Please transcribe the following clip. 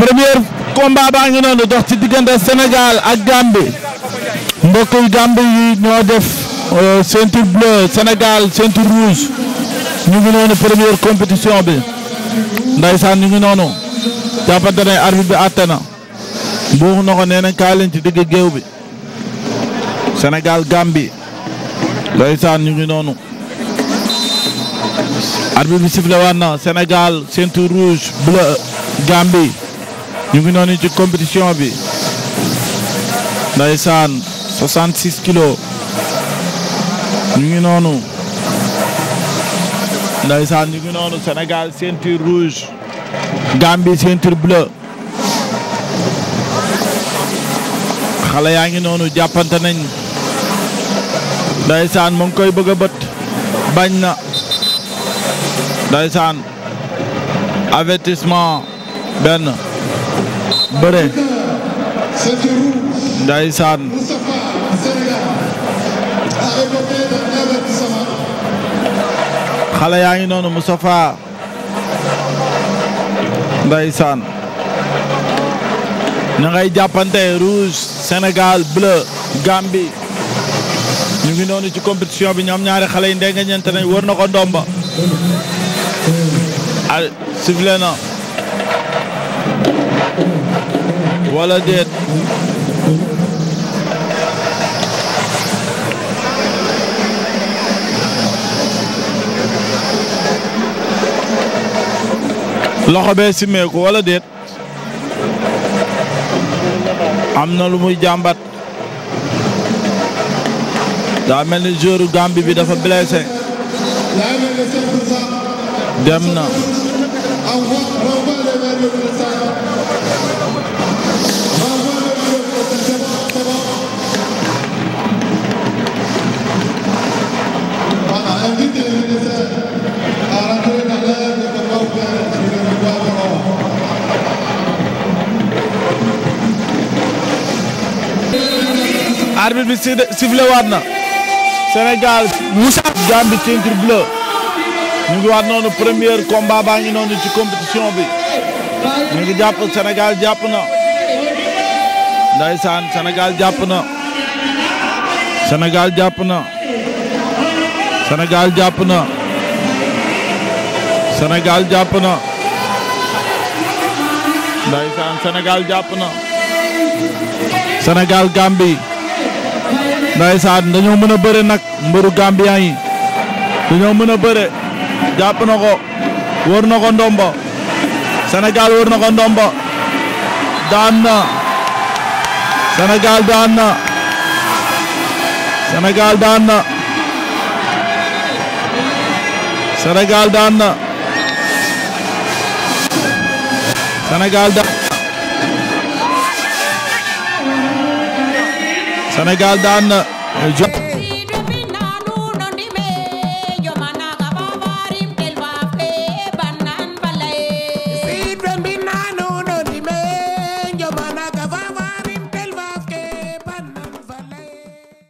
premier combat baa ngi noonu dox ci diggante Sénégal ak Gambie mbokk yi Gambie yi ñoo def euh, ceinture bleu Sénégal ceinture rouge ñu ngi noonu première compétition bi ndaysaan ñu ngi noonu jàppante ne arbitre bi àtte na buux na ko nee na ci digg géew bi Sénégal Gambie ndaysaan ñu ngi noonu arbitre bi sifflé waat na Sénégal ceinture rouge bleu Gambie ñu ngi noonu ci compétition bi ndaysaan 66 kilo ñu ngi noonu ndaysaan ñu ngi noonu Sénégal ceinture rouge Gambie ceinture bleue xale yaa ngi noonu jàppante nañ ndaysaan mu ngi koy bëgg a bët bañ na ndaysaan avertissement benn bëre ndeysaan xale yaa ngi noonu Moustapha saan na ngay jàppante rouge Sénégal bleu Gambie ñu ngi noonu ci compétition bi ñoom ñaari xale yi ndenga ñeent nañ wër na ko ndomba a sifle wala déet loxo bee simeeku wala déet am na lu muy jàmbat daa mel ni joueur Gambie bi dafa blessé dem na arbitre bi sifflé waat na Sénégal Moussa Gambie ceinture bleue ñu ngi waat noonu premier combat baa noonu ci compétition bi ñu ngi jàpp senegal jàpp na ndeysaan Sénégal jàpp na senegal jàpp na Sénégal jàpp na senegal jàpp na ndeysaan Sénégal jàpp na Sénégal Gambie ndeysaan dañoo mën a bëre nag mbëru Gambien yi dañoo mën a bëre jàpp na ko wër na ko ndomba Sénégal wër na ko ndomba daan na Sénégal daan na Sénégal daan na Sénégal daan na Sénégal daan Sénégal daan na